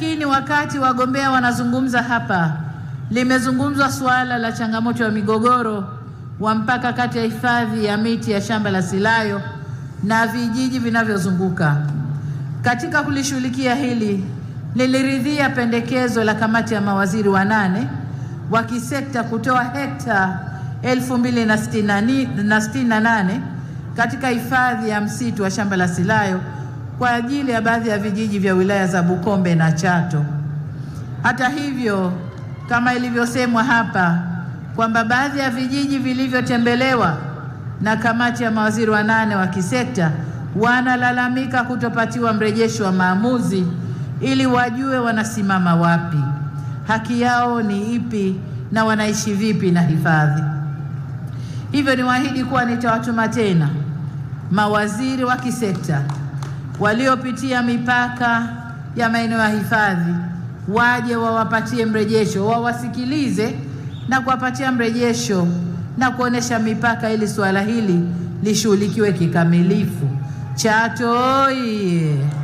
Lakini wakati wagombea wanazungumza hapa, limezungumzwa suala la changamoto ya migogoro wa mpaka kati ya hifadhi ya miti ya shamba la Silayo na vijiji vinavyozunguka. Katika kulishughulikia hili, niliridhia pendekezo la kamati ya mawaziri wanane wa kisekta kutoa hekta 2na nane katika hifadhi ya msitu wa shamba la Silayo kwa ajili ya baadhi ya vijiji vya wilaya za Bukombe na Chato. Hata hivyo, kama ilivyosemwa hapa kwamba baadhi ya vijiji vilivyotembelewa na kamati ya mawaziri wanane wa kisekta wanalalamika kutopatiwa mrejesho wa maamuzi ili wajue wanasimama wapi, haki yao ni ipi na wanaishi vipi na hifadhi. Hivyo niwaahidi kuwa nitawatuma tena mawaziri wa kisekta waliopitia mipaka ya maeneo ya hifadhi waje wawapatie mrejesho, wawasikilize na kuwapatia mrejesho na kuonesha mipaka, ili suala hili lishughulikiwe kikamilifu. Chato oye!